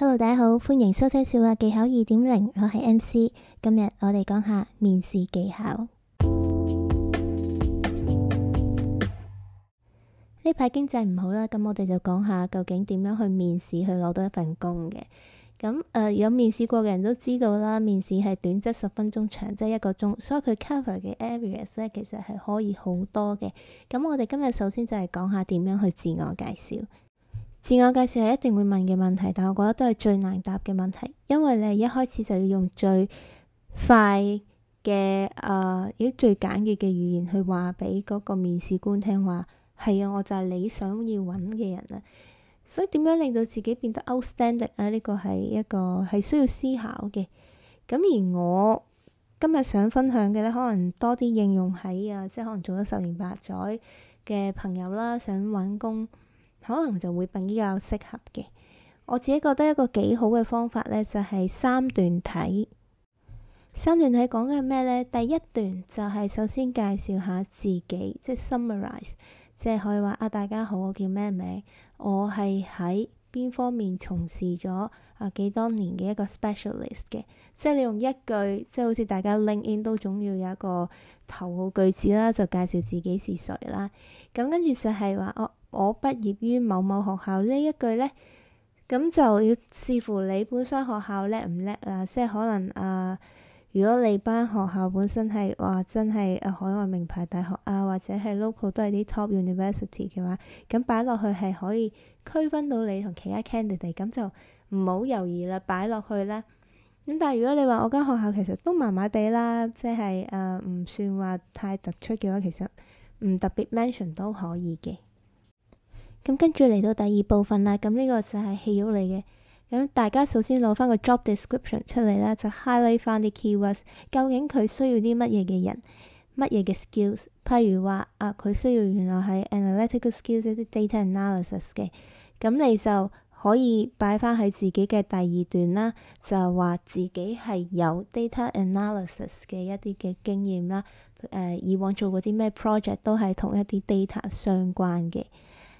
hello，大家好，歡迎收聽說話技巧二點零，我係 MC，今日我哋講下面試技巧。呢排經濟唔好啦，咁我哋就講下究竟點樣去面試去攞到一份工嘅。咁誒，有、呃、面試過嘅人都知道啦，面試係短則十分鐘，長則一個鐘，所以佢 cover 嘅 areas 咧，其實係可以好多嘅。咁我哋今日首先就係講下點樣去自我介紹。自我介紹係一定會問嘅問題，但係我覺得都係最難答嘅問題，因為你一開始就要用最快嘅誒，亦、呃、最簡潔嘅語言去話俾嗰個面試官聽話，話係啊，我就係你想要揾嘅人啊。所以點樣令到自己變得 outstanding 咧？呢、這個係一個係需要思考嘅。咁而我今日想分享嘅咧，可能多啲應用喺啊，即係可能做咗十年八載嘅朋友啦，想揾工。可能就會比較適合嘅。我自己覺得一個幾好嘅方法呢，就係三段體。三段體講緊咩呢？第一段就係首先介紹下自己，即係 summarize，即係可以話啊，大家好，我叫咩名，我係喺邊方面從事咗啊幾多年嘅一個 specialist 嘅，即係你用一句，即係好似大家 link in 都總要有一個頭號句子啦，就介紹自己是誰啦。咁跟住就係話哦。我畢業於某某學校，呢一句呢，咁就要視乎你本身學校叻唔叻啦。即係可能啊、呃，如果你班學校本身係話真係海外名牌大學啊，或者係 local 都係啲 top university 嘅話，咁擺落去係可以區分到你同其他 candidate。咁就唔好猶豫啦，擺落去咧。咁但係如果你話我間學校其實都麻麻地啦，即係誒唔算話太突出嘅話，其實唔特別 mention 都可以嘅。咁跟住嚟到第二部分啦，咁、這、呢個就係戲肉嚟嘅。咁大家首先攞翻個 job description 出嚟啦，就 highlight 翻啲 keywords，究竟佢需要啲乜嘢嘅人，乜嘢嘅 skills。譬如話啊，佢需要原來係 analytical skills，data analysis 嘅，咁你就可以擺翻喺自己嘅第二段啦，就話自己係有 data analysis 嘅一啲嘅經驗啦。誒、呃，以往做過啲咩 project 都係同一啲 data 相關嘅。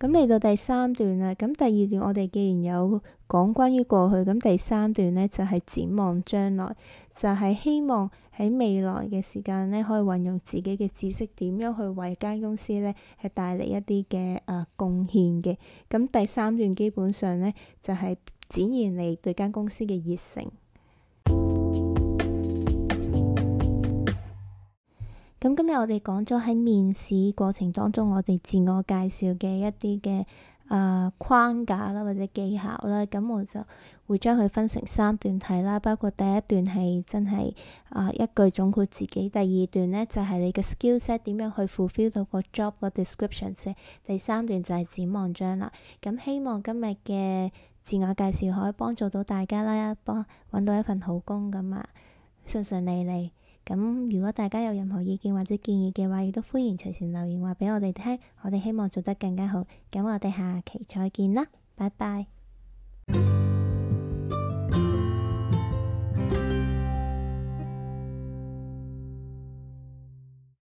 咁嚟到第三段啦，咁第二段我哋既然有講關於過去，咁第三段呢，就係展望將來，就係希望喺未來嘅時間呢，可以運用自己嘅知識點樣去為間公司呢，係帶嚟一啲嘅誒貢獻嘅。咁第三段基本上呢，就係展現你對間公司嘅熱誠。咁今日我哋講咗喺面試過程當中，我哋自我介紹嘅一啲嘅啊框架啦，或者技巧啦，咁我就會將佢分成三段睇啦。包括第一段係真係啊、呃、一句總括自己，第二段呢就係、是、你嘅 skill set 點樣去 fulfill 到個 job 個 description 先。第三段就係展望章啦。咁希望今日嘅自我介紹可以幫助到大家啦，一幫搵到一份好工咁啊，順順利利。咁如果大家有任何意見或者建議嘅話，亦都歡迎隨時留言話俾我哋聽。我哋希望做得更加好。咁我哋下期再見啦，拜拜。